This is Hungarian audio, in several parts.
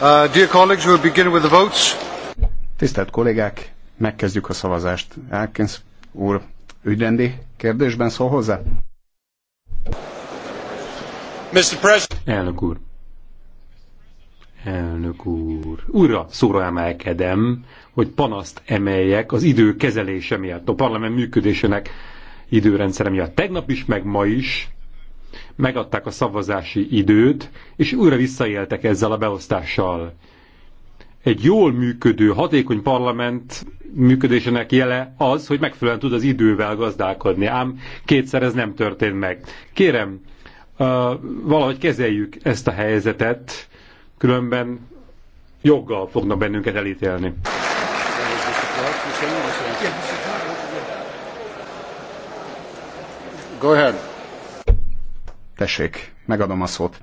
Uh, dear colleagues, we'll begin with the votes. Tisztelt kollégák, megkezdjük a szavazást. Elkins úr, ügyrendi kérdésben szól hozzá? Mr. President. Elnök úr. Elnök úr. Újra szóra emelkedem, hogy panaszt emeljek az idő kezelése miatt, a parlament működésének időrendszere miatt. Tegnap is, meg ma is megadták a szavazási időt, és újra visszaéltek ezzel a beosztással. Egy jól működő, hatékony parlament működésének jele az, hogy megfelelően tud az idővel gazdálkodni, ám kétszer ez nem történt meg. Kérem, valahogy kezeljük ezt a helyzetet, különben joggal fognak bennünket elítélni. Go ahead. Tessék, megadom a szót.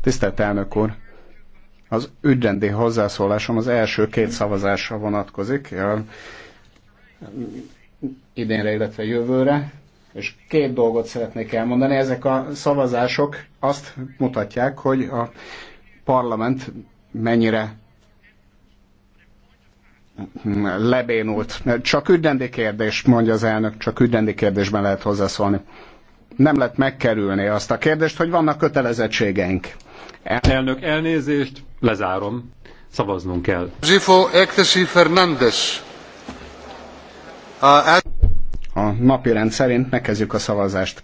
Tisztelt elnök úr! Az ügyrendi hozzászólásom az első két szavazásra vonatkozik, idénre, illetve jövőre, és két dolgot szeretnék elmondani. Ezek a szavazások azt mutatják, hogy a parlament mennyire lebénult. Csak ügyrendi kérdés, mondja az elnök, csak ügyrendi kérdésben lehet hozzászólni. Nem lehet megkerülni azt a kérdést, hogy vannak kötelezettségeink. El... Elnök, elnézést, lezárom. Szavaznunk kell. Zsifo Ektesi Fernández. A, a napi rend szerint megkezdjük a szavazást.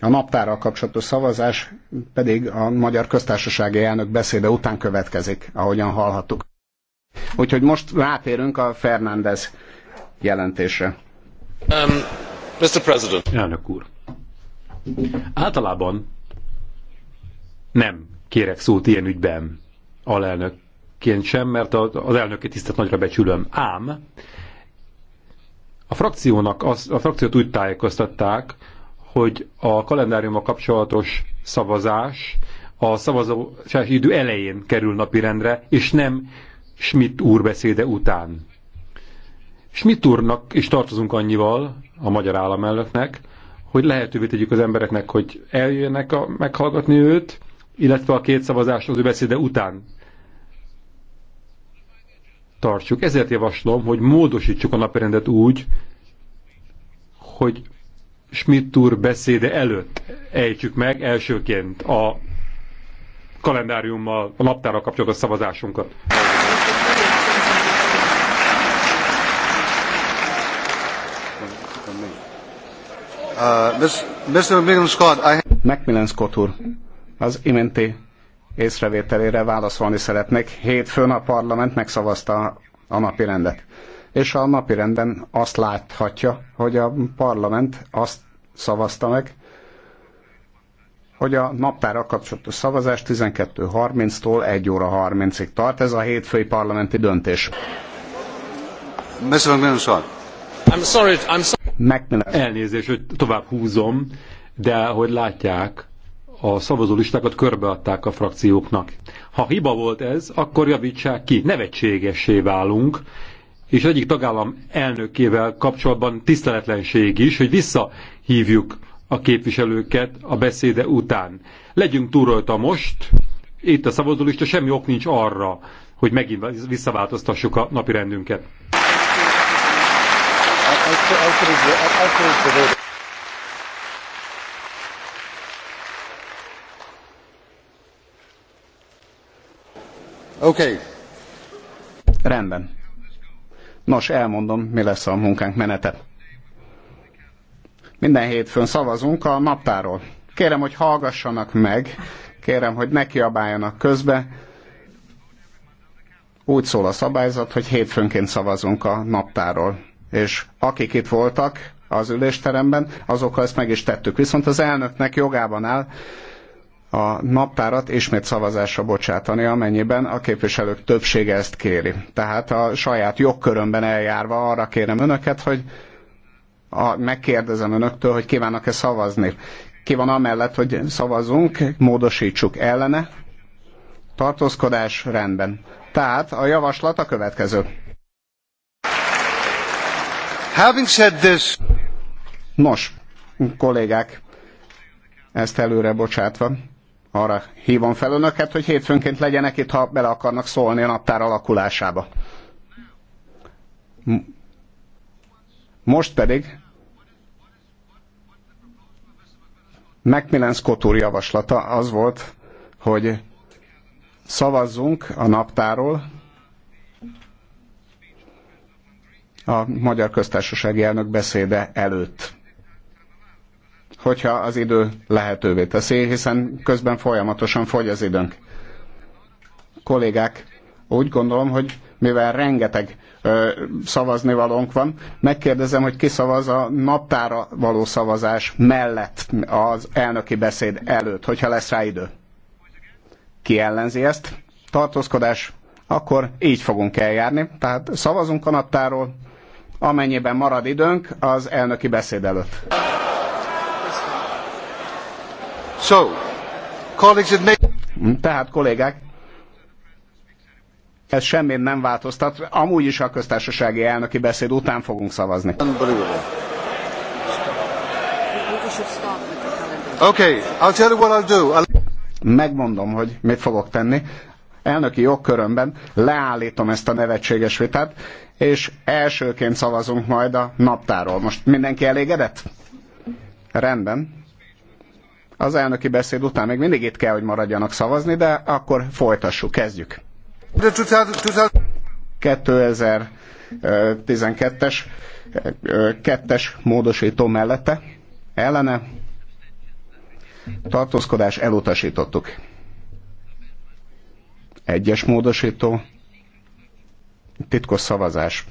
A naptárral kapcsolatos szavazás pedig a Magyar Köztársasági Elnök beszéde után következik, ahogyan hallhattuk. Úgyhogy most rátérünk a Fernández jelentésre. Um, Mr. President. Elnök úr. Általában nem kérek szót ilyen ügyben alelnökként sem, mert az elnöki tisztet nagyra becsülöm. Ám a frakciónak, az, a frakciót úgy tájékoztatták, hogy a kalendáriummal kapcsolatos szavazás a szavazási idő elején kerül napirendre, és nem Schmidt úr beszéde után. Schmidt úrnak is tartozunk annyival, a magyar államelnöknek, hogy lehetővé tegyük az embereknek, hogy eljöjjenek a, meghallgatni őt, illetve a két szavazást az ő beszéde után tartsuk. Ezért javaslom, hogy módosítsuk a napirendet úgy, hogy Schmidt úr beszéde előtt ejtsük meg elsőként a kalendáriummal, a naptárral kapcsolatos szavazásunkat. Uh, Scott, Macmillan Scott úr, az iménti észrevételére válaszolni szeretnék. Hétfőn a parlament megszavazta a napi rendet. És a napi renden azt láthatja, hogy a parlament azt szavazta meg, hogy a naptára kapcsolatos szavazás 12.30-tól 1 óra 30-ig tart. Ez a hétfői parlamenti döntés. Mr. I'm sorry, I'm Elnézést, hogy tovább húzom, de hogy látják, a szavazólistákat körbeadták a frakcióknak. Ha hiba volt ez, akkor javítsák ki, nevetségessé válunk, és egyik tagállam elnökével kapcsolatban tiszteletlenség is, hogy visszahívjuk a képviselőket a beszéde után. Legyünk túl rajta most, itt a szavazólista, semmi ok nincs arra, hogy megint visszaváltoztassuk a napi rendünket. Okay. Rendben. Nos, elmondom, mi lesz a munkánk menete. Minden hétfőn szavazunk a naptáról. Kérem, hogy hallgassanak meg, kérem, hogy ne kiabáljanak közbe. Úgy szól a szabályzat, hogy hétfőnként szavazunk a naptáról. És akik itt voltak az ülésteremben, azokkal ezt meg is tettük. Viszont az elnöknek jogában áll, a naptárat ismét szavazásra bocsátani, amennyiben a képviselők többsége ezt kéri. Tehát a saját jogkörömben eljárva arra kérem önöket, hogy a, megkérdezem önöktől, hogy kívánnak-e szavazni. Ki van amellett, hogy szavazunk, módosítsuk ellene. Tartózkodás rendben. Tehát a javaslat a következő. Having said this... Nos, kollégák, ezt előre bocsátva, arra hívom fel önöket, hogy hétfőnként legyenek itt, ha bele akarnak szólni a naptár alakulásába. Most pedig Macmillan Scott úr javaslata az volt, hogy szavazzunk a naptáról a Magyar Köztársasági Elnök beszéde előtt hogyha az idő lehetővé teszi, hiszen közben folyamatosan fogy az időnk. Kollégák, úgy gondolom, hogy mivel rengeteg ö, szavaznivalónk van, megkérdezem, hogy ki szavaz a naptára való szavazás mellett az elnöki beszéd előtt, hogyha lesz rá idő. Ki ellenzi ezt? Tartózkodás? Akkor így fogunk eljárni. Tehát szavazunk a naptáról, amennyiben marad időnk az elnöki beszéd előtt. So, colleagues, it may... Tehát kollégák, ez semmit nem változtat, amúgy is a köztársasági elnöki beszéd után fogunk szavazni. Okay, I'll tell you what I'll do. I'll... Megmondom, hogy mit fogok tenni. Elnöki jogkörömben leállítom ezt a nevetséges vitát, és elsőként szavazunk majd a naptáról. Most mindenki elégedett? Rendben. Az elnöki beszéd után még mindig itt kell, hogy maradjanak szavazni, de akkor folytassuk, kezdjük. 2012-es kettes módosító mellette ellene tartózkodás elutasítottuk. Egyes módosító, titkos szavazás.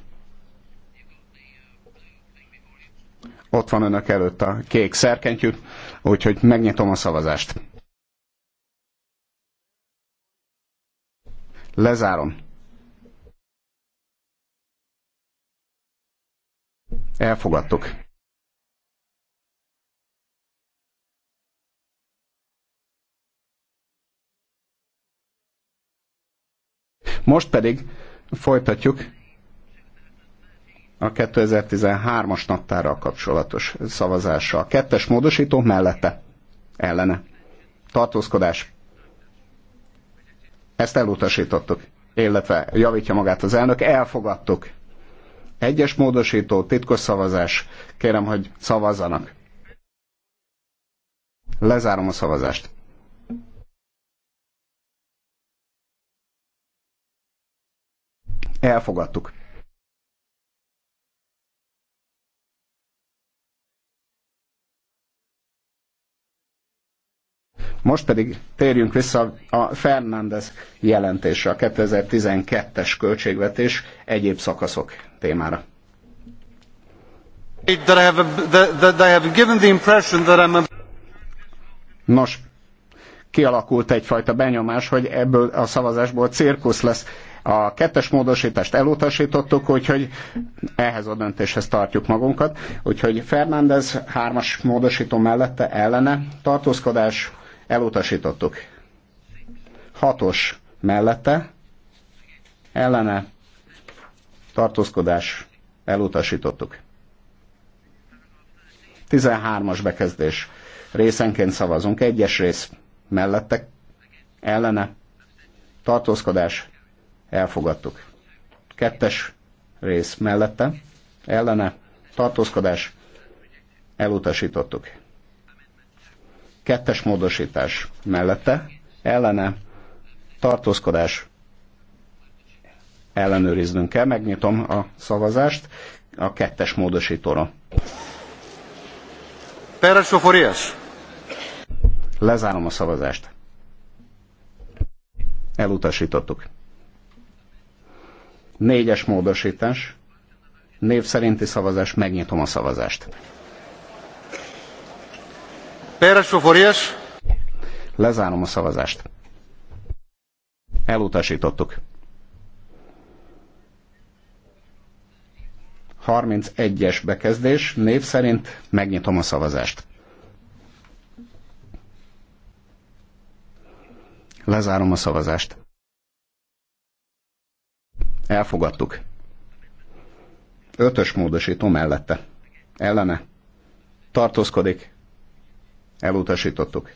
Ott van önök előtt a kék szerkentyű, úgyhogy megnyitom a szavazást. Lezárom. Elfogadtuk. Most pedig folytatjuk a 2013-as naptárral kapcsolatos szavazással. Kettes módosító mellette. Ellene. Tartózkodás ezt elutasítottuk, illetve javítja magát az elnök, elfogadtuk. Egyes módosító, titkos szavazás, kérem, hogy szavazzanak. Lezárom a szavazást. Elfogadtuk. Most pedig térjünk vissza a Fernández jelentésre, a 2012-es költségvetés egyéb szakaszok témára. Nos, kialakult egyfajta benyomás, hogy ebből a szavazásból cirkusz lesz. A kettes módosítást elutasítottuk, úgyhogy ehhez a döntéshez tartjuk magunkat. Úgyhogy Fernández hármas módosító mellette ellene tartózkodás elutasítottuk. Hatos mellette, ellene tartózkodás elutasítottuk. 13-as bekezdés. Részenként szavazunk. Egyes rész mellette, ellene, tartózkodás, elfogadtuk. Kettes rész mellette, ellene, tartózkodás, elutasítottuk. Kettes módosítás mellette, ellene, tartózkodás ellenőriznünk kell. Megnyitom a szavazást a kettes módosítóra. Peres Soforias. Lezárom a szavazást. Elutasítottuk. Négyes módosítás. Név szerinti szavazás. Megnyitom a szavazást. Lezárom a szavazást. Elutasítottuk. 31-es bekezdés, név szerint megnyitom a szavazást. Lezárom a szavazást. Elfogadtuk. Ötös módosító mellette. Ellene. Tartózkodik. Elutasítottuk.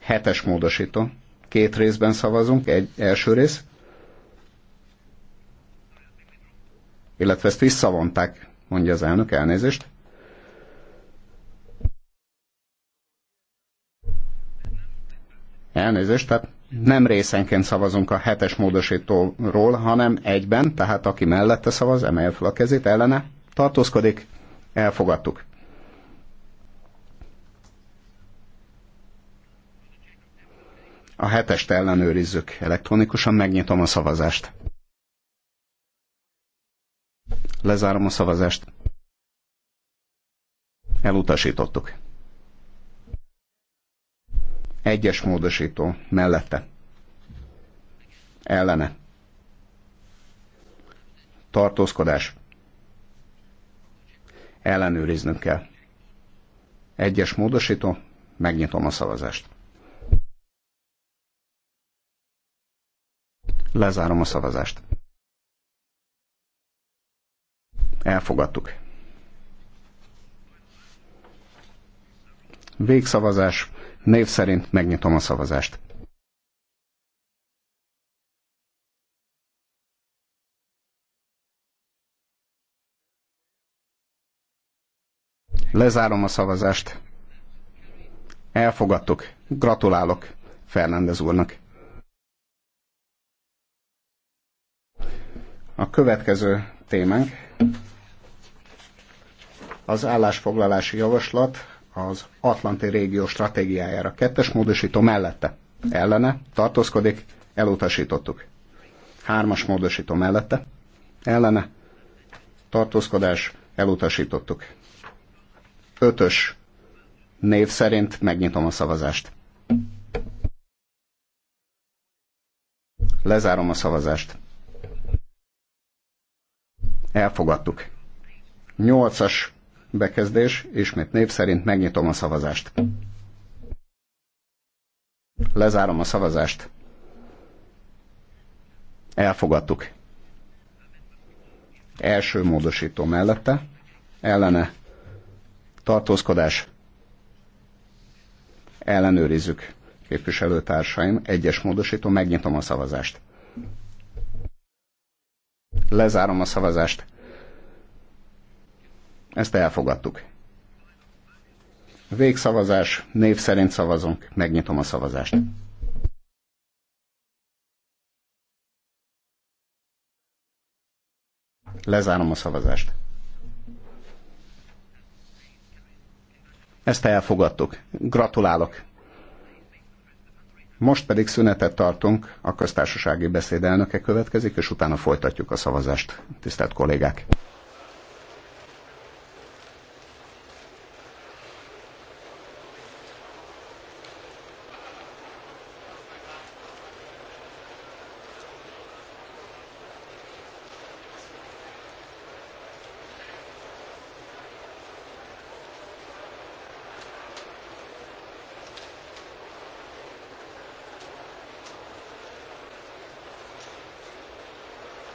Hetes módosító. Két részben szavazunk, egy első rész. Illetve ezt visszavonták, mondja az elnök, elnézést. Elnézést, tehát nem részenként szavazunk a hetes módosítóról, hanem egyben, tehát aki mellette szavaz, emelje fel a kezét, ellene tartózkodik, elfogadtuk. A hetest ellenőrizzük elektronikusan, megnyitom a szavazást. Lezárom a szavazást. Elutasítottuk. Egyes módosító mellette. Ellene. Tartózkodás. Ellenőriznünk kell. Egyes módosító. Megnyitom a szavazást. Lezárom a szavazást. Elfogadtuk. Végszavazás. Név szerint megnyitom a szavazást. Lezárom a szavazást. Elfogadtuk. Gratulálok Fernández úrnak. A következő témánk az állásfoglalási javaslat az Atlanti régió stratégiájára kettes módosító mellette. Ellene tartózkodik, elutasítottuk. Hármas módosító mellette. Ellene tartózkodás, elutasítottuk. Ötös név szerint megnyitom a szavazást. Lezárom a szavazást. Elfogadtuk. Nyolcas bekezdés, ismét név szerint megnyitom a szavazást. Lezárom a szavazást. Elfogadtuk. Első módosító mellette, ellene tartózkodás, ellenőrizzük képviselőtársaim, egyes módosító, megnyitom a szavazást. Lezárom a szavazást. Ezt elfogadtuk. Végszavazás, név szerint szavazunk. Megnyitom a szavazást. Lezárom a szavazást. Ezt elfogadtuk. Gratulálok most pedig szünetet tartunk, a köztársasági beszéd elnöke következik, és utána folytatjuk a szavazást, tisztelt kollégák.